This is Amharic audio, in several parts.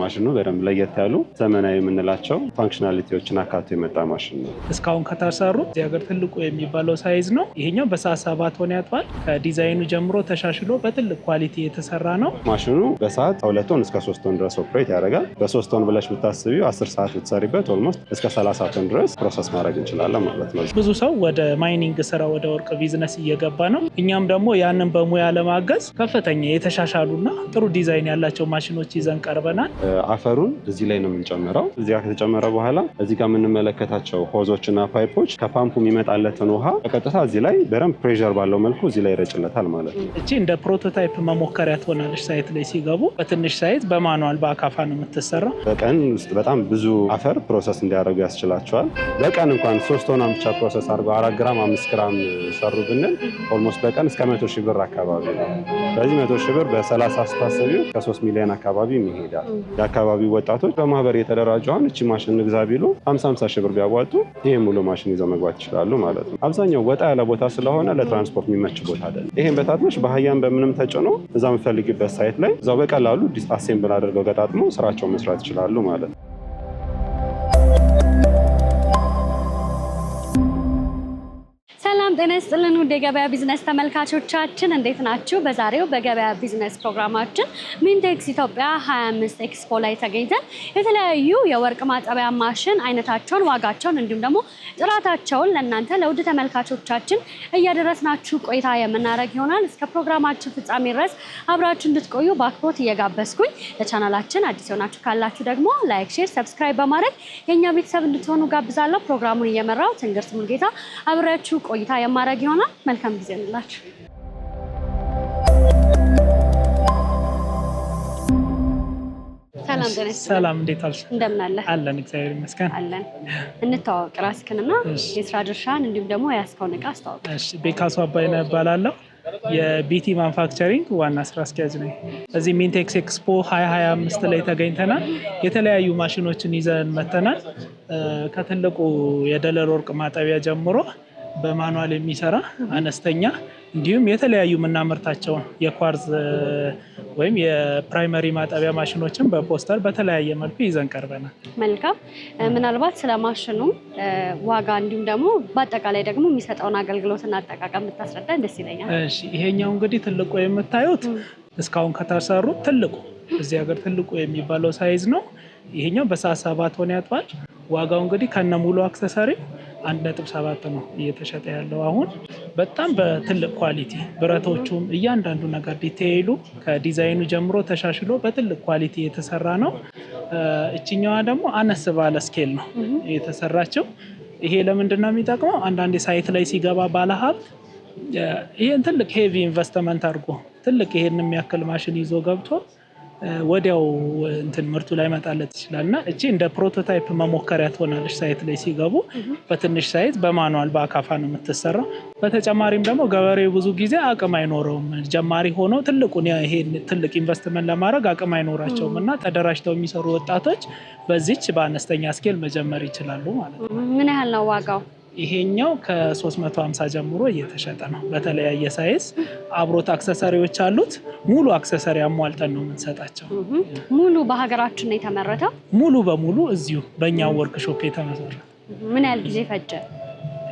ማሽኑ በደንብ ለየት ያሉ ዘመናዊ የምንላቸው ፋንክሽናሊቲዎችን አካቶ የመጣ ማሽን ነው። እስካሁን ከተሰሩ እዚህ ሀገር ትልቁ የሚባለው ሳይዝ ነው። ይሄኛው በሰዓት ሰባት ሆነ ያጥባል። ከዲዛይኑ ጀምሮ ተሻሽሎ በትልቅ ኳሊቲ የተሰራ ነው። ማሽኑ በሰዓት ከሁለት ቶን እስከ ሶስት ቶን ድረስ ኦፕሬት ያደርጋል። በሶስት ቶን ብለሽ ብታስቢው አስር ሰዓት ብትሰሪበት ኦልሞስት እስከ ሰላሳ ቶን ድረስ ፕሮሰስ ማድረግ እንችላለን ማለት ነው። ብዙ ሰው ወደ ማይኒንግ ስራ ወደ ወርቅ ቢዝነስ እየገባ ነው። እኛም ደግሞ ያንን በሙያ ለማገዝ ከፍተኛ የተሻሻሉና ጥሩ ዲዛይን ያላቸው ማሽኖች ይዘን ቀርበናል። አፈሩን እዚህ ላይ ነው የምንጨምረው። እዚህ ጋር ከተጨመረ በኋላ እዚህ ጋር የምንመለከታቸው ሆዞችና ፓይፖች ከፓምፑ የሚመጣለትን ውሃ በቀጥታ እዚህ ላይ በደንብ ፕሬር ባለው መልኩ እዚህ ላይ ይረጭለታል ማለት ነው። እቺ እንደ ፕሮቶታይፕ መሞከሪያ ትሆናለች። ሳይት ላይ ሲገቡ በትንሽ ሳይት በማኑዋል በአካፋ ነው የምትሰራው። በቀን ውስጥ በጣም ብዙ አፈር ፕሮሰስ እንዲያደርጉ ያስችላቸዋል። በቀን እንኳን ሶስት ሆና ብቻ ፕሮሰስ አድርገው አራት ግራም አምስት ግራም ሰሩ ብንል ኦልሞስት በቀን እስከ መቶ ሺህ ብር አካባቢ ነው። በዚህ መቶ ሺህ ብር በሰላሳ ስታሰቢ ከሶስት ሚሊዮን አካባቢ ይሄዳል። የአካባቢው ወጣቶች በማህበር የተደራጁ አሁን እቺ ማሽን ንግዛ ቢሉ ሀምሳ ሀምሳ ሺህ ብር ቢያዋጡ ይህም ሙሉ ማሽን ይዘው መግባት ይችላሉ ማለት ነው። አብዛኛው ወጣ ያለ ቦታ ስለሆነ ለትራንስፖርት የሚመች ቦታ አይደለም። ይሄን በታትመሽ በአህያም በምንም ተጭኖ እዛ የምፈልግበት ሳይት ላይ እዛው በቀላሉ አሴምብል አድርገው ገጣጥሞ ስራቸውን መስራት ይችላሉ ማለት ነው። ጤና ይስጥልን ውድ የገበያ ቢዝነስ ተመልካቾቻችን እንዴት ናችሁ? በዛሬው በገበያ ቢዝነስ ፕሮግራማችን ሚንቴክስ ኢትዮጵያ 25 ኤክስፖ ላይ ተገኝተን የተለያዩ የወርቅ ማጠቢያ ማሽን አይነታቸውን፣ ዋጋቸውን እንዲሁም ደግሞ ጥራታቸውን ለእናንተ ለውድ ተመልካቾቻችን እያደረስናችሁ ቆይታ የምናደርግ ይሆናል። እስከ ፕሮግራማችን ፍጻሜ ድረስ አብራችሁ እንድትቆዩ በአክብሮት እየጋበዝኩኝ ለቻናላችን አዲስ የሆናችሁ ካላችሁ ደግሞ ላይክ፣ ሼር፣ ሰብስክራይብ በማድረግ የእኛ ቤተሰብ እንድትሆኑ ጋብዛለሁ። ፕሮግራሙን እየመራው ትንግርት ሙልጌታ አብሬያችሁ ቆይታ የማድረግ ይሆናል። መልካም ጊዜ እንላችሁ። ሰላም እንዴት አልሽ? እንደምን አለ አለን። እግዚአብሔር ይመስገን አለን። እንተዋወቅ፣ ራስክንና የስራ ድርሻን እንዲሁም ደግሞ የያዝከውን እቃ አስተዋወቅ። ቤካሱ አባይነህ እባላለሁ የቢቲ ማንፋክቸሪንግ ዋና ስራ አስኪያጅ ነኝ። እዚህ ሚንቴክስ ኤክስፖ 2025 ላይ ተገኝተናል። የተለያዩ ማሽኖችን ይዘን መተናል። ከትልቁ የደለል ወርቅ ማጠቢያ ጀምሮ በማኑዋል የሚሰራ አነስተኛ እንዲሁም የተለያዩ የምናመርታቸው የኳርዝ ወይም የፕራይመሪ ማጠቢያ ማሽኖችን በፖስተር በተለያየ መልኩ ይዘን ቀርበናል። መልካም። ምናልባት ስለ ማሽኑ ዋጋ እንዲሁም ደግሞ በአጠቃላይ ደግሞ የሚሰጠውን አገልግሎትና አጠቃቀም ምታስረዳ ደስ ይለኛል። እሺ፣ ይሄኛው እንግዲህ ትልቁ የምታዩት እስካሁን ከተሰሩት ትልቁ እዚህ ሀገር ትልቁ የሚባለው ሳይዝ ነው። ይሄኛው በሰዓት ሰባት ሆነ ያጥባል። ዋጋው እንግዲህ ከነ ሙሉ አክሰሰሪ አንድ ነጥብ ሰባት ነው እየተሸጠ ያለው አሁን በጣም በትልቅ ኳሊቲ ብረቶቹም እያንዳንዱ ነገር ዲቴይሉ ከዲዛይኑ ጀምሮ ተሻሽሎ በትልቅ ኳሊቲ የተሰራ ነው። እችኛዋ ደግሞ አነስ ባለ ስኬል ነው የተሰራችው። ይሄ ለምንድን ነው የሚጠቅመው? አንዳንድ ሳይት ላይ ሲገባ ባለሀብት ይህን ትልቅ ሄቪ ኢንቨስትመንት አድርጎ ትልቅ ይሄን የሚያክል ማሽን ይዞ ገብቶ ወዲያው እንትን ምርቱ ላይ መጣለት ይችላል እና እቺ እንደ ፕሮቶታይፕ መሞከሪያ ትሆናለች። ሳይት ላይ ሲገቡ በትንሽ ሳይት በማኑዋል በአካፋ ነው የምትሰራው። በተጨማሪም ደግሞ ገበሬው ብዙ ጊዜ አቅም አይኖረውም። ጀማሪ ሆኖ ትልቁን ይሄ ትልቅ ኢንቨስትመንት ለማድረግ አቅም አይኖራቸውም እና ተደራጅተው የሚሰሩ ወጣቶች በዚች በአነስተኛ ስኬል መጀመር ይችላሉ ማለት ነው። ምን ያህል ነው ዋጋው? ይሄኛው ከ350 ጀምሮ እየተሸጠ ነው። በተለያየ ሳይዝ አብሮት አክሰሰሪዎች አሉት። ሙሉ አክሰሰሪ አሟልተን ነው የምንሰጣቸው። ሙሉ በሀገራችን ነው የተመረተው። ሙሉ በሙሉ እዚሁ በእኛ ወርክሾፕ የተመሰረተ። ምን ያህል ጊዜ ፈጀ?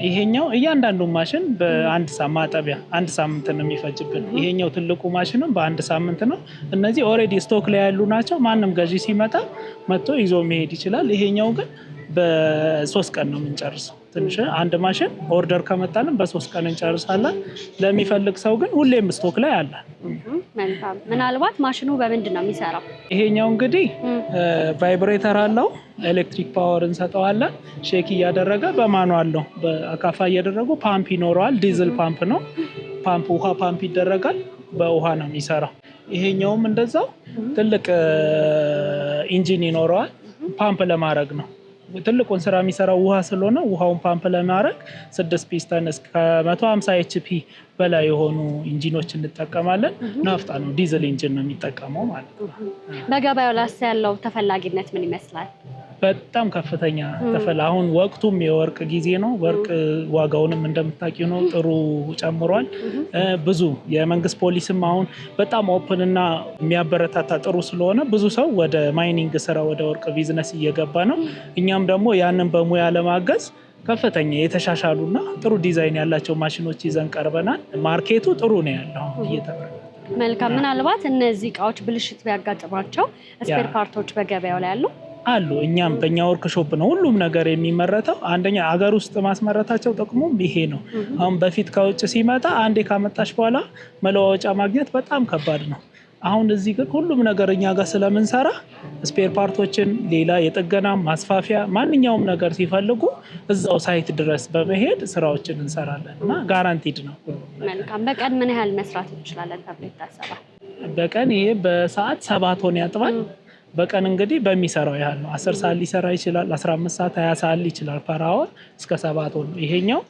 ይሄኛው እያንዳንዱ ማሽን በአንድ ማጠቢያ አንድ ሳምንት ነው የሚፈጅብን። ይሄኛው ትልቁ ማሽንም በአንድ ሳምንት ነው። እነዚህ ኦልሬዲ ስቶክ ላይ ያሉ ናቸው። ማንም ገዢ ሲመጣ መጥቶ ይዞ መሄድ ይችላል። ይሄኛው ግን በሶስት ቀን ነው የምንጨርሰው። ትንሽ አንድ ማሽን ኦርደር ከመጣልን በሶስት ቀን እንጨርሳለን። ለሚፈልግ ሰው ግን ሁሌም ስቶክ ላይ አለ። ምናልባት ማሽኑ በምንድን ነው የሚሰራው? ይሄኛው እንግዲህ ቫይብሬተር አለው። ኤሌክትሪክ ፓወር እንሰጠዋለን። ሼክ እያደረገ በማኑዋል ነው በአካፋ እያደረጉ ፓምፕ ይኖረዋል። ዲዝል ፓምፕ ነው። ፓምፕ ውሃ ፓምፕ ይደረጋል። በውሃ ነው የሚሰራው። ይሄኛውም እንደዛው ትልቅ ኢንጂን ይኖረዋል። ፓምፕ ለማድረግ ነው ትልቁን ስራ የሚሰራው ውሃ ስለሆነ ውሃውን ፓምፕ ለማድረግ ስድስት ፒስተን እስከ መቶ ሀምሳ ኤችፒ በላይ የሆኑ ኢንጂኖች እንጠቀማለን። ናፍጣ ነው ዲዝል ኢንጂን ነው የሚጠቀመው ማለት ነው። በገበያው ላስ ያለው ተፈላጊነት ምን ይመስላል? በጣም ከፍተኛ ተፈላ አሁን ወቅቱም የወርቅ ጊዜ ነው። ወርቅ ዋጋውንም እንደምታውቂው ነው ጥሩ ጨምሯል። ብዙ የመንግስት ፖሊስም አሁን በጣም ኦፕን እና የሚያበረታታ ጥሩ ስለሆነ ብዙ ሰው ወደ ማይኒንግ ስራ ወደ ወርቅ ቢዝነስ እየገባ ነው እኛ እኛም ደግሞ ያንን በሙያ ለማገዝ ከፍተኛ የተሻሻሉና ጥሩ ዲዛይን ያላቸው ማሽኖች ይዘን ቀርበናል። ማርኬቱ ጥሩ ነው ያለው እየተበ መልካም። ምናልባት እነዚህ እቃዎች ብልሽት ቢያጋጥማቸው ስፔር ፓርቶች በገበያው ላይ አሉ አሉ። እኛም በእኛ ወርክሾፕ ነው ሁሉም ነገር የሚመረተው። አንደኛ አገር ውስጥ ማስመረታቸው ጥቅሙም ይሄ ነው። አሁን በፊት ከውጭ ሲመጣ አንዴ ካመጣሽ በኋላ መለዋወጫ ማግኘት በጣም ከባድ ነው። አሁን እዚህ ግን ሁሉም ነገር እኛ ጋር ስለምንሰራ ስፔር ፓርቶችን ሌላ የጥገና ማስፋፊያ ማንኛውም ነገር ሲፈልጉ እዛው ሳይት ድረስ በመሄድ ስራዎችን እንሰራለን እና ጋራንቲድ ነው። መልካም። በቀን ምን ያህል መስራት እንችላለን ተብሎ ይታሰባል? በቀን ይሄ በሰዓት ሰባት ሆን ያጥባል። በቀን እንግዲህ በሚሰራው ያህል ነው። አስር ሰዓት ሊሰራ ይችላል። አስራ አምስት ሰዓት ሀያ ሰዓት ሊችላል። ፐራወር እስከ ሰባት ሆን ነው ይሄኛው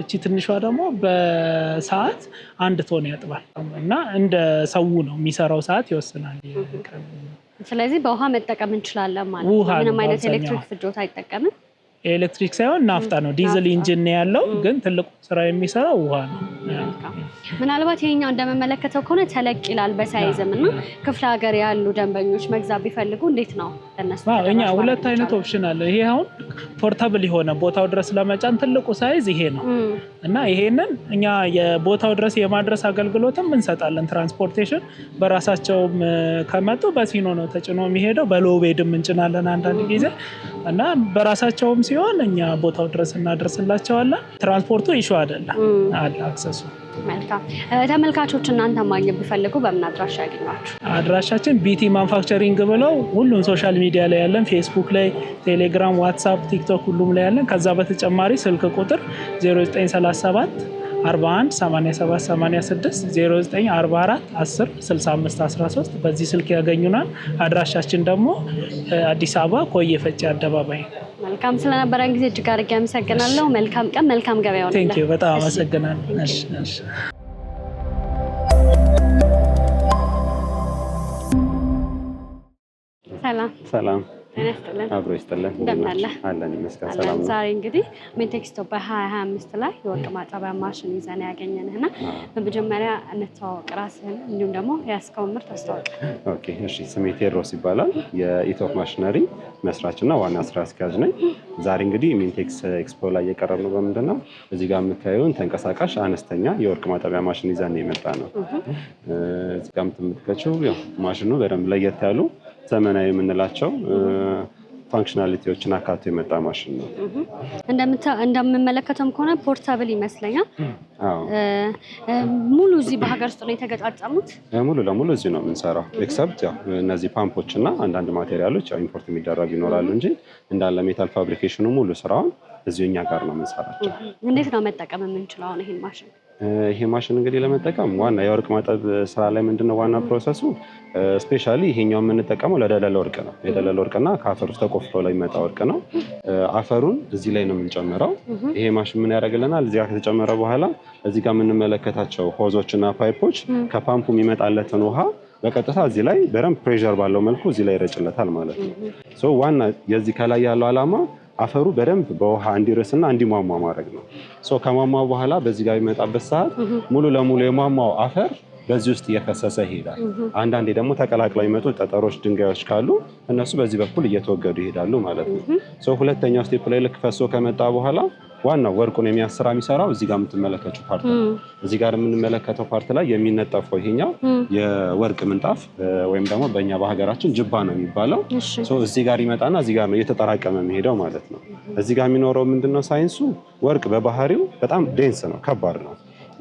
እቺ ትንሿ ደግሞ በሰዓት አንድ ቶን ያጥባል እና እንደ ሰው ነው የሚሰራው ሰዓት ይወስናል። ስለዚህ በውሃ መጠቀም እንችላለን ማለት ነው። ምንም አይነት ኤሌክትሪክ ፍጆታ አይጠቀምም። ኤሌክትሪክ ሳይሆን ናፍጣ ነው። ዲዝል ኢንጂን ያለው ግን ትልቁ ስራ የሚሰራው ውሃ ነው። ምናልባት ይሄኛው እንደምመለከተው ከሆነ ተለቅ ይላል በሳይዝም እና ክፍለ ሀገር ያሉ ደንበኞች መግዛት ቢፈልጉ እንዴት ነው እኛ ሁለት አይነት ኦፕሽን አለ። ይሄ አሁን ፖርታብል የሆነ ቦታው ድረስ ለመጫን ትልቁ ሳይዝ ይሄ ነው እና ይሄንን እኛ የቦታው ድረስ የማድረስ አገልግሎትም እንሰጣለን። ትራንስፖርቴሽን በራሳቸውም ከመጡ በሲኖ ነው ተጭኖ የሚሄደው። በሎቤድም እንጭናለን አንዳንድ ጊዜ እና በራሳቸውም ሲሆን እኛ ቦታው ድረስ እናደርስላቸዋለን። ትራንስፖርቱ ይሹ አይደለም አለ ተንቀሳቀሱ። መልካም ተመልካቾች፣ እናንተ ማግኘት ቢፈልጉ በምን አድራሻ ያገኟችሁ? አድራሻችን ቢቲ ማንፋክቸሪንግ ብለው ሁሉም ሶሻል ሚዲያ ላይ ያለን፣ ፌስቡክ ላይ፣ ቴሌግራም፣ ዋትሳፕ፣ ቲክቶክ ሁሉም ላይ ያለን። ከዛ በተጨማሪ ስልክ ቁጥር 0937 41 87 86 10 65 13 በዚህ ስልክ ያገኙናል። አድራሻችን ደግሞ አዲስ አበባ ኮየፈጭ አደባባይ ነው። መልካም ስለነበረን ጊዜ እጅግ አድርጌ አመሰግናለሁ። መልካም ቀን፣ መልካም ገበያ ሆነ። በጣም አመሰግናለሁ። ሰላም ሰላም። አብሮ ይስጥልን። አለን ይመስገን ሰላም ዛሬ እንግዲህ ሜንቴክስቶ በ2025 ላይ የወርቅ ማጠቢያ ማሽን ይዘን ያገኘንህ እና በመጀመሪያ እንተዋወቅ ራስህን፣ እንዲሁም ደግሞ የያዝከውን ምርት አስተዋወቅ። ኦኬ እሺ፣ ስሜ ቴድሮስ ይባላል። የኢትዮፕ ማሽነሪ መስራችና ዋና ስራ አስኪያጅ ነኝ። ዛሬ እንግዲህ ሜንቴክስ ኤክስፖ ላይ እየቀረብ ነው። በምንድን ነው እዚህ ጋር የምታየውን ተንቀሳቃሽ አነስተኛ የወርቅ ማጠቢያ ማሽን ይዘን የመጣ ነው። እዚህ ጋር የምትመለከተው ማሽኑ በደንብ ለየት ያሉ ዘመናዊ የምንላቸው ፋንክሽናሊቲዎችን አካቶ የመጣ ማሽን ነው። እንደምመለከተውም ከሆነ ፖርታብል ይመስለኛል። ሙሉ እዚህ በሀገር ውስጥ ነው የተገጣጠሙት። ሙሉ ለሙሉ እዚህ ነው የምንሰራው። ኤክሰፕት ያው እነዚህ ፓምፖች እና አንዳንድ ማቴሪያሎች ያው ኢምፖርት የሚደረጉ ይኖራሉ እንጂ እንዳለ ሜታል ፋብሪኬሽኑ ሙሉ ስራውን እዚሁ እኛ ጋር ነው የምንሰራቸው። እንዴት ነው መጠቀም የምንችለው ይሄን ማሽን? ይሄ ማሽን እንግዲህ ለመጠቀም ዋና የወርቅ ማጠብ ስራ ላይ ምንድነው ዋና ፕሮሰሱ ስፔሻሊ ይሄኛው የምንጠቀመው ለደለለ ወርቅ ነው። የደለለ ወርቅና ከአፈር ውስጥ ተቆፍሮ ላይ የሚመጣ ወርቅ ነው። አፈሩን እዚህ ላይ ነው የምንጨምረው። ይሄ ማሽን ምን ያደርግልናል? እዚህ ከተጨመረ በኋላ እዚህ ጋር የምንመለከታቸው ሆዞችና ፓይፖች ከፓምፑ የሚመጣለትን ውሃ በቀጥታ እዚህ ላይ በደንብ ፕሬዠር ባለው መልኩ እዚህ ላይ ይረጭለታል ማለት ነው። ዋና የዚህ ከላይ ያለው ዓላማ አፈሩ በደንብ በውሃ እንዲረስና እንዲሟሟ ማድረግ ነው። ከሟሟ በኋላ በዚህ ጋር የሚመጣበት ሰዓት ሙሉ ለሙሉ የሟሟው አፈር በዚህ ውስጥ እየፈሰሰ ይሄዳል። አንዳንዴ ደግሞ ተቀላቅለው የሚመጡ ጠጠሮች፣ ድንጋዮች ካሉ እነሱ በዚህ በኩል እየተወገዱ ይሄዳሉ ማለት ነው። ሰው ሁለተኛው ስቴፕ ላይ ልክ ፈሶ ከመጣ በኋላ ዋናው ወርቁን የሚያስራ የሚሰራው እዚህ ጋር የምትመለከቱ ፓርት ነው። እዚህ ጋር የምንመለከተው ፓርት ላይ የሚነጠፈው ይሄኛው የወርቅ ምንጣፍ ወይም ደግሞ በእኛ በሀገራችን ጅባ ነው የሚባለው። እዚህ ጋር ይመጣና እዚህ ጋር ነው እየተጠራቀመ የሚሄደው ማለት ነው። እዚህ ጋር የሚኖረው ምንድነው ሳይንሱ ወርቅ በባህሪው በጣም ዴንስ ነው፣ ከባድ ነው።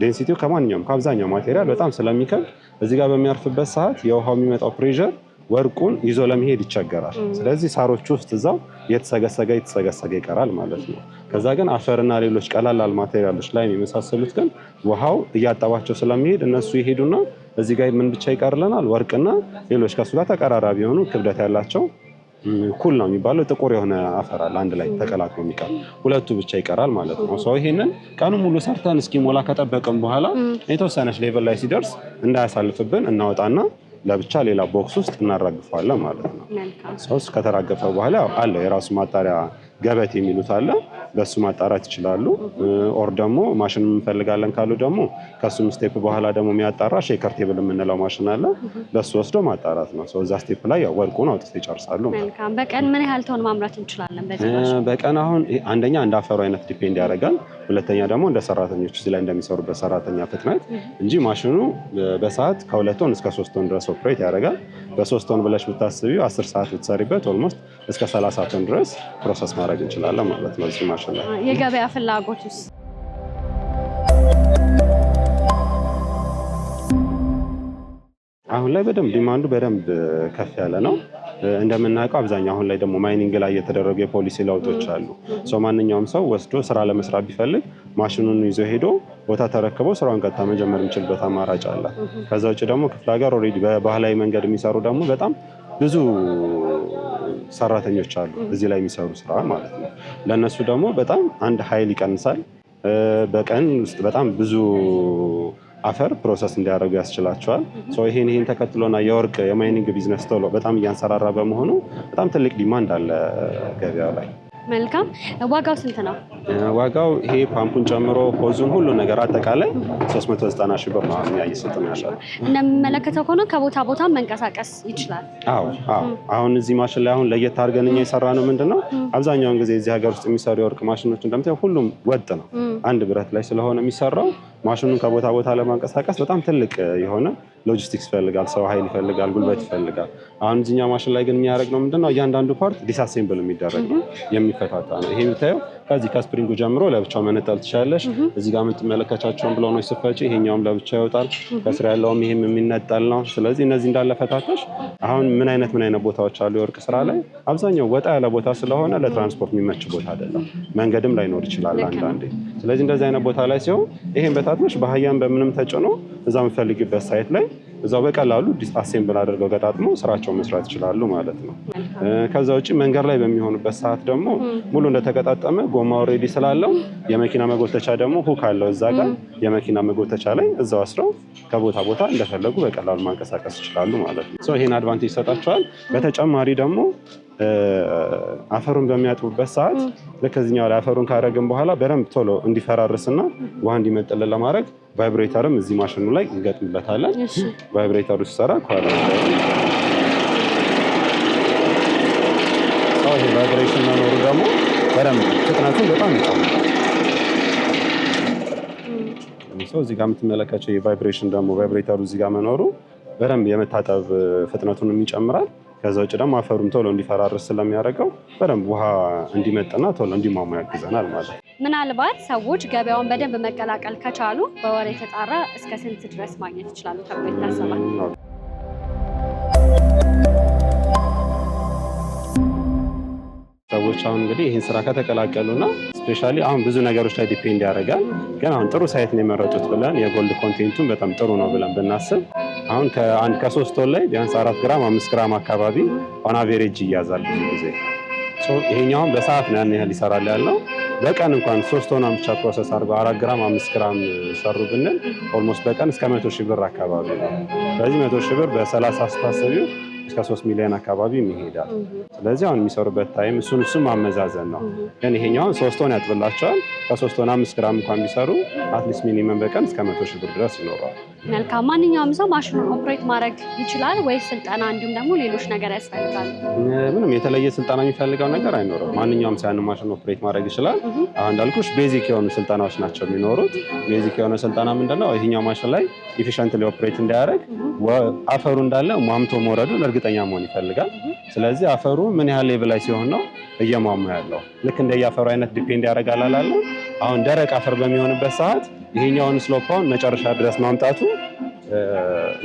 ዴንሲቲው ከማንኛውም ከአብዛኛው ማቴሪያል በጣም ስለሚከብድ እዚህ ጋር በሚያርፍበት ሰዓት የውሃው የሚመጣው ፕሬዠር ወርቁን ይዞ ለመሄድ ይቸገራል። ስለዚህ ሳሮች ውስጥ እዛው የተሰገሰገ የተሰገሰገ ይቀራል ማለት ነው። ከዛ ግን አፈርና ሌሎች ቀላላል ማቴሪያሎች ላይ የመሳሰሉት ግን ውሃው እያጠባቸው ስለሚሄድ እነሱ ይሄዱና እዚህ ጋር ምን ብቻ ይቀርልናል? ወርቅና ሌሎች ከሱ ጋር ተቀራራቢ የሆኑ ክብደት ያላቸው ኩል ነው የሚባለው ጥቁር የሆነ አፈር አለ አንድ ላይ ተቀላቅሎ የሚቀር ሁለቱ ብቻ ይቀራል ማለት ነው። ሰው ይሄንን ቀኑ ሙሉ ሰርተን እስኪሞላ ከጠበቅም በኋላ የተወሰነች ሌቨል ላይ ሲደርስ እንዳያሳልፍብን እናወጣና ለብቻ ሌላ ቦክስ ውስጥ እናራግፈዋለን ማለት ነው። ሰው ከተራገፈ በኋላ አለው የራሱ ማጣሪያ ገበት የሚሉት አለ። በሱ ማጣራት ይችላሉ። ኦር ደግሞ ማሽን እንፈልጋለን ካሉ ደግሞ ከሱም ስቴፕ በኋላ ደግሞ የሚያጣራ ሼከር ቴብል የምንለው ማሽን አለ። በሱ ወስዶ ማጣራት ነው። እዛ ስቴፕ ላይ ያው ወርቁን አውጥተው ይጨርሳሉ። በቀን ምን ያህል ቶን ማምረት እንችላለን? በቀን አሁን አንደኛ እንደ አፈሩ አይነት ዲፔንድ ያደርጋል። ሁለተኛ ደግሞ እንደ ሰራተኞች እዚህ ላይ እንደሚሰሩበት ሰራተኛ ፍጥነት እንጂ ማሽኑ በሰዓት ከሁለት ቶን እስከ ሶስት ቶን ድረስ ኦፕሬት ያደርጋል። በሶስት ቶን ብለሽ ብታስቢው አስር ሰዓት ብትሰሪበት ኦልሞስት እስከ ሰላሳ ቶን ድረስ ፕሮሰስ ማለት ማድረግ እንችላለን ማለት ነው። እዚህ ማሽን ላይ የገበያ ፍላጎት ውስጥ አሁን ላይ በደንብ ዲማንዱ በደንብ ከፍ ያለ ነው። እንደምናውቀው አብዛኛው አሁን ላይ ደግሞ ማይኒንግ ላይ የተደረጉ የፖሊሲ ለውጦች አሉ። ማንኛውም ሰው ወስዶ ስራ ለመስራት ቢፈልግ ማሽኑን ይዞ ሄዶ ቦታ ተረክቦ ስራውን ቀጥታ መጀመር የሚችልበት አማራጭ አለ። ከዛ ውጭ ደግሞ ክፍለ ሀገር ኦልሬዲ በባህላዊ መንገድ የሚሰሩ ደግሞ በጣም ብዙ ሰራተኞች አሉ እዚህ ላይ የሚሰሩ ስራ ማለት ነው። ለእነሱ ደግሞ በጣም አንድ ሀይል ይቀንሳል። በቀን ውስጥ በጣም ብዙ አፈር ፕሮሰስ እንዲያደርጉ ያስችላቸዋል። ይሄን ይሄን ተከትሎና የወርቅ የማይኒንግ ቢዝነስ ቶሎ በጣም እያንሰራራ በመሆኑ በጣም ትልቅ ዲማንድ አለ ገበያው ላይ። መልካም። ዋጋው ስንት ነው? ዋጋው ይሄ ፓምፑን ጨምሮ ሆዙን ሁሉ ነገር አጠቃላይ 390 ሺህ ብር ነው። አሁን ነው ያሻል። እንደምመለከተው ከሆነ ከቦታ ቦታ መንቀሳቀስ ይችላል። አዎ አዎ። አሁን እዚህ ማሽን ላይ አሁን ለየት አድርገን እኛ የሰራ ነው ምንድን ነው አብዛኛውን ጊዜ እዚህ ሀገር ውስጥ የሚሰሩ የወርቅ ማሽኖች እንደምታየው ሁሉም ወጥ ነው። አንድ ብረት ላይ ስለሆነ የሚሰራው ማሽኑን ከቦታ ቦታ ለማንቀሳቀስ በጣም ትልቅ የሆነ ሎጂስቲክስ ይፈልጋል፣ ሰው ኃይል ይፈልጋል፣ ጉልበት ይፈልጋል። አሁን እዚኛ ማሽን ላይ ግን የሚያደርግ ነው ምንድነው እያንዳንዱ ፓርት ዲስአሴምብል የሚደረግ ነው፣ የሚፈታታ ነው። ይሄ የሚታየው ከዚህ ከስፕሪንጉ ጀምሮ ለብቻው መነጠል ትችላለሽ። እዚህ ጋር የምትመለከቻቸውን ብሎኖች ስትፈጪ ይሄኛውም ለብቻ ይወጣል። ከስራ ያለውም ይሄም የሚነጠል ነው። ስለዚህ እነዚህ እንዳለ ፈታተሽ አሁን ምን አይነት ምን አይነት ቦታዎች አሉ የወርቅ ስራ ላይ አብዛኛው ወጣ ያለ ቦታ ስለሆነ ለትራንስፖርት የሚመች ቦታ አይደለም። መንገድም ላይኖር ይችላል አንዳንዴ። ስለዚህ እንደዚህ አይነት ቦታ ላይ ሲሆን ይሄን በታትነሽ በአህያም በምንም ተጭኖ እዛ የምትፈልጊበት ሳይት ላይ እዛው በቀላሉ አሴምብል አድርገው ገጣጥሞ ስራቸው መስራት ይችላሉ ማለት ነው። ከዛ ውጭ መንገድ ላይ በሚሆኑበት ሰዓት ደግሞ ሙሉ እንደተገጣጠመ ጎማ ኦልሬዲ ስላለው የመኪና መጎተቻ ደግሞ ሁክ አለው እዛ ጋር የመኪና መጎተቻ ላይ እዛው አስረው ከቦታ ቦታ እንደፈለጉ በቀላሉ ማንቀሳቀስ ይችላሉ ማለት ነው። ይሄን አድቫንቴጅ ይሰጣቸዋል። በተጨማሪ ደግሞ አፈሩን በሚያጥቡበት ሰዓት ልክ እዚህኛው ላይ አፈሩን ካደረግን በኋላ በደንብ ቶሎ እንዲፈራርስና ውሃ እንዲመጥልን ለማድረግ ቫይብሬተርም እዚህ ማሽኑ ላይ እንገጥምበታለን። ቫይብሬተሩ ሲሰራ ይሄ ቫይብሬሽን መኖሩ ደግሞ በደንብ ፍጥነቱን በጣም ይጣማል። ሰው እዚህ ጋር የምትመለከቸው የቫይብሬሽን ደግሞ ቫይብሬተሩ እዚህ ጋር መኖሩ በደንብ የመታጠብ ፍጥነቱንም ይጨምራል። ከዛ ውጭ ደግሞ አፈሩም ቶሎ እንዲፈራርስ ስለሚያደርገው በደንብ ውሃ እንዲመጥና ቶሎ እንዲሟሟ ያግዘናል ማለት ነው። ምናልባት ሰዎች ገበያውን በደንብ መቀላቀል ከቻሉ በወር የተጣራ እስከ ስንት ድረስ ማግኘት ይችላሉ ተብሎ ይታሰባል? ሰዎች አሁን እንግዲህ ይህን ስራ ከተቀላቀሉ ከተቀላቀሉና ስፔሻሊ አሁን ብዙ ነገሮች ላይ ዲፔንድ ያደርጋል። ግን አሁን ጥሩ ሳይት ነው የመረጡት ብለን የጎልድ ኮንቴንቱን በጣም ጥሩ ነው ብለን ብናስብ አሁን ከአንድ ከሶስት ወር ላይ ቢያንስ አራት ግራም አምስት ግራም አካባቢ ኦን አቬሬጅ ይያዛል ብዙ ጊዜ። ይሄኛውም በሰዓት ነው ያን ያህል ይሰራል ያለው በቀን እንኳን ሶስት ሆና ብቻ ፕሮሰስ አድርገው አራት ግራም አምስት ግራም ሰሩ ብንል ኦልሞስት በቀን እስከ መቶ ሺህ ብር አካባቢ ነው። ስለዚህ መቶ ሺህ ብር በሰላሳ ስታሰቢው እስከ ሶስት ሚሊዮን አካባቢ ይሄዳል። ስለዚህ አሁን የሚሰሩበት ታይም እሱን እሱም ማመዛዘን ነው። ግን ይሄኛውን ሶስት ሆን ያጥብላቸዋል። ከሶስት ሆን አምስት ግራም እንኳን ቢሰሩ አትሊስት ሚኒመም በቀን እስከ መቶ ሺህ ብር ድረስ ይኖረዋል። መልካም። ማንኛውም ሰው ማሽኑን ኦፕሬት ማድረግ ይችላል ወይ ስልጠና እንዲሁም ደግሞ ሌሎች ነገር ያስፈልጋል? ምንም የተለየ ስልጠና የሚፈልገው ነገር አይኖርም። ማንኛውም ሰው ያንን ማሽን ኦፕሬት ማድረግ ይችላል። አሁን እንዳልኩሽ ቤዚክ የሆኑ ስልጠናዎች ናቸው የሚኖሩት። ቤዚክ የሆነ ስልጠና ምንድነው? ይህኛው ማሽን ላይ ኢፊሽንትሊ ኦፕሬት እንዳያደረግ አፈሩ እንዳለ ሟምቶ መውረዱን እርግጠኛ መሆን ይፈልጋል። ስለዚህ አፈሩ ምን ያህል ሌቭል ላይ ሲሆን ነው እየሟሙ ያለው? ልክ እንደየአፈሩ አይነት ዲፔንድ ያደርጋል አላለ። አሁን ደረቅ አፈር በሚሆንበት ሰዓት ይሄኛውን ስሎፓውን መጨረሻ ድረስ ማምጣቱ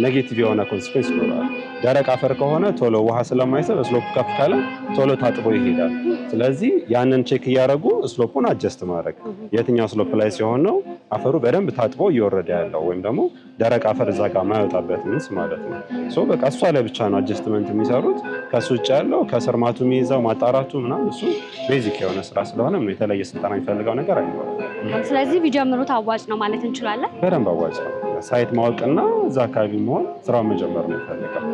ኔጌቲቭ የሆነ ኮንስኩዌንስ ይኖራል። ደረቅ አፈር ከሆነ ቶሎ ውሃ ስለማይስብ ስሎፕ ከፍ ካለ ቶሎ ታጥቦ ይሄዳል። ስለዚህ ያንን ቼክ እያደረጉ ስሎፑን አጀስት ማድረግ የትኛው ስሎፕ ላይ ሲሆን ነው አፈሩ በደንብ ታጥቦ እየወረደ ያለው ወይም ደግሞ ደረቅ አፈር እዛ ጋር ማያወጣበት ምስ ማለት ነው። ሶ በቃ እሷ ላይ ብቻ ነው አጀስትመንት የሚሰሩት። ከሱ ውጭ ያለው ከስርማቱ የሚይዘው ማጣራቱ ምናምን እሱ ቤዚክ የሆነ ስራ ስለሆነ የተለየ ስልጠና የሚፈልገው ነገር አይኖርም። ስለዚህ ቢጀምሩት አዋጭ ነው ማለት እንችላለን። በደንብ አዋጭ ነው። ሳይት ማወቅና እዛ አካባቢ መሆን ስራውን መጀመር ነው ይፈልጋል።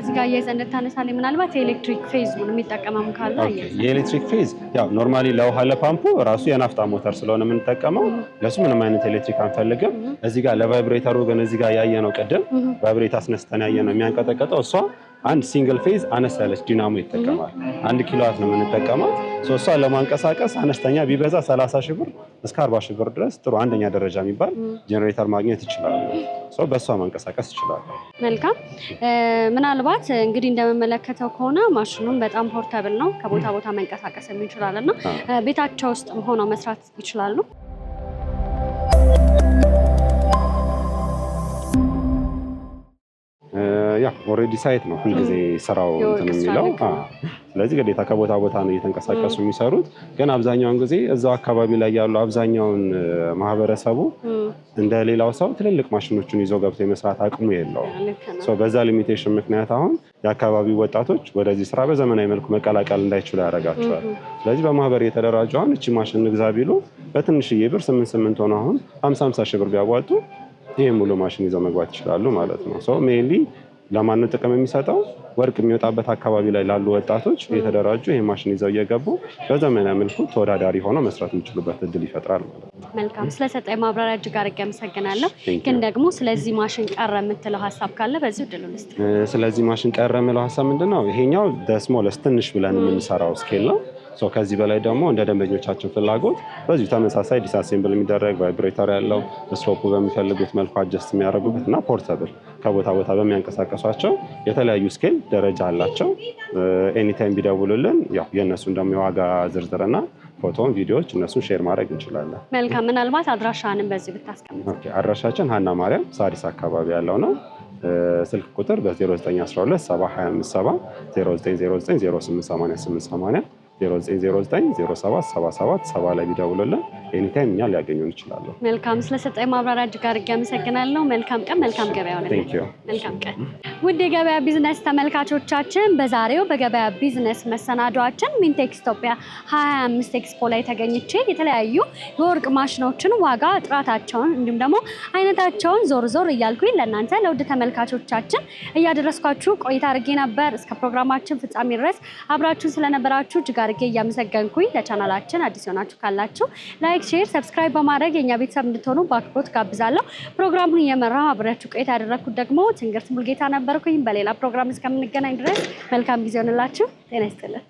እዚህ ጋር እያይዘ እንድታነሳል ምናልባት የኤሌክትሪክ ፌዝ የሚጠቀመም ካለ የኤሌክትሪክ ፌዝ ያው ኖርማሊ ለውሃ ለፓምፑ ራሱ የናፍጣ ሞተር ስለሆነ የምንጠቀመው ለሱ ምንም አይነት ኤሌክትሪክ አንፈልግም። እዚህ ጋር ለቫይብሬተሩ ግን እዚህ ጋር ያየነው ቅድም ቫይብሬት አስነስተን ያየነው የሚያንቀጠቀጠው እሷ አንድ ሲንግል ፌዝ አነስ ያለች ዲናሞ ይጠቀማል። አንድ ኪሎዋት ነው የምንጠቀማት። እሷን ለማንቀሳቀስ አነስተኛ ቢበዛ 30 ሺህ ብር እስከ 40 ሺህ ብር ድረስ ጥሩ አንደኛ ደረጃ የሚባል ጀኔሬተር ማግኘት ይችላሉ። በእሷ ማንቀሳቀስ ይችላሉ። መልካም። ምናልባት እንግዲህ እንደምመለከተው ከሆነ ማሽኑም በጣም ፖርታብል ነው፣ ከቦታ ቦታ መንቀሳቀስ የሚችላል እና ቤታቸው ውስጥ ሆነው መስራት ይችላሉ። ኦልሬዲ ሳይት ነው ሁልጊዜ ስራው እንትን የሚለው። ስለዚህ ግዴታ ከቦታ ቦታ ነው እየተንቀሳቀሱ የሚሰሩት። ግን አብዛኛውን ጊዜ እዛው አካባቢ ላይ ያሉ አብዛኛውን ማህበረሰቡ እንደ ሌላው ሰው ትልልቅ ማሽኖችን ይዞ ገብቶ የመስራት አቅሙ የለውም። በዛ ሊሚቴሽን ምክንያት አሁን የአካባቢው ወጣቶች ወደዚህ ስራ በዘመናዊ መልኩ መቀላቀል እንዳይችሉ ያደርጋቸዋል። ስለዚህ በማህበር የተደራጁ አሁን እቺ ማሽን ንግዛ ቢሉ በትንሽዬ ብር ስምንት ስምንት ሆነ አሁን ሀምሳ ሀምሳ ሺህ ብር ቢያዋጡ ይህ ሙሉ ማሽን ይዘው መግባት ይችላሉ ማለት ነው ሜንሊ ለማን ነው ጥቅም የሚሰጠው? ወርቅ የሚወጣበት አካባቢ ላይ ላሉ ወጣቶች የተደራጁ ይሄ ማሽን ይዘው እየገቡ በዘመናዊ መልኩ ተወዳዳሪ ሆነው መስራት የሚችሉበት እድል ይፈጥራል ማለት ነው። መልካም ስለሰጠኝ ማብራሪያ እጅግ አድርጌ አመሰግናለሁ። ግን ደግሞ ስለዚህ ማሽን ቀረ የምትለው ሀሳብ ካለ በዚህ እድል ውስጥ ስለዚህ ማሽን ቀረ የምለው ሀሳብ ምንድን ነው? ይሄኛው ደስሞለስ ትንሽ ብለን የምንሰራው ስኬል ነው ሶ ከዚህ በላይ ደግሞ እንደ ደንበኞቻችን ፍላጎት በዚሁ ተመሳሳይ ዲስአሴምብል የሚደረግ ቫይብሬተር ያለው ስሎፑ በሚፈልጉት መልኩ አጀስት የሚያደርጉበት እና ፖርተብል ከቦታ ቦታ በሚያንቀሳቀሷቸው የተለያዩ ስኬል ደረጃ አላቸው። ኤኒታይም ቢደውሉልን ያው የእነሱን ደግሞ የዋጋ ዝርዝርና ፎቶን፣ ቪዲዮዎች እነሱን ሼር ማድረግ እንችላለን። መልካም። ምናልባት አድራሻንም በዚህ ብታስቀምጥ። አድራሻችን ሀና ማርያም ሳዲስ አካባቢ ያለው ነው። ስልክ ቁጥር በ0912 725 0909 0888 0909 0777 70 ላይ ቢደውሉልን ኤኒታይም እኛ ሊያገኙን ይችላሉ። መልካም ስለሰጠኝ ማብራሪያ እጅግ አድርጌ አመሰግናለሁ። መልካም ቀን፣ መልካም ገበያ ሆነ። መልካም ቀን። ውድ የገበያ ቢዝነስ ተመልካቾቻችን በዛሬው በገበያ ቢዝነስ መሰናዷችን ሚንቴክስ ኢትዮጵያ 25 ኤክስፖ ላይ ተገኝቼ የተለያዩ የወርቅ ማሽኖችን ዋጋ፣ ጥራታቸውን እንዲሁም ደግሞ አይነታቸውን ዞር ዞር እያልኩኝ ለእናንተ ለውድ ተመልካቾቻችን እያደረስኳችሁ ቆይታ አድርጌ ነበር። እስከ ፕሮግራማችን ፍጻሜ ድረስ አብራችሁን ስለነበራችሁ እጅግ አድርጌ እያመሰገንኩኝ ለቻናላችን አዲስ የሆናችሁ ካላችሁ ላይክ ሼር፣ ሰብስክራይብ በማድረግ የእኛ ቤተሰብ እንድትሆኑ በአክብሮት ጋብዛለሁ። ፕሮግራሙን እየመራ አብሬያችሁ ቆይታ ያደረግኩት ደግሞ ትንግርት ሙልጌታ ነበርኩኝ። በሌላ ፕሮግራም እስከምንገናኝ ድረስ መልካም ጊዜ ሆንላችሁ። ጤና ይስጥልን።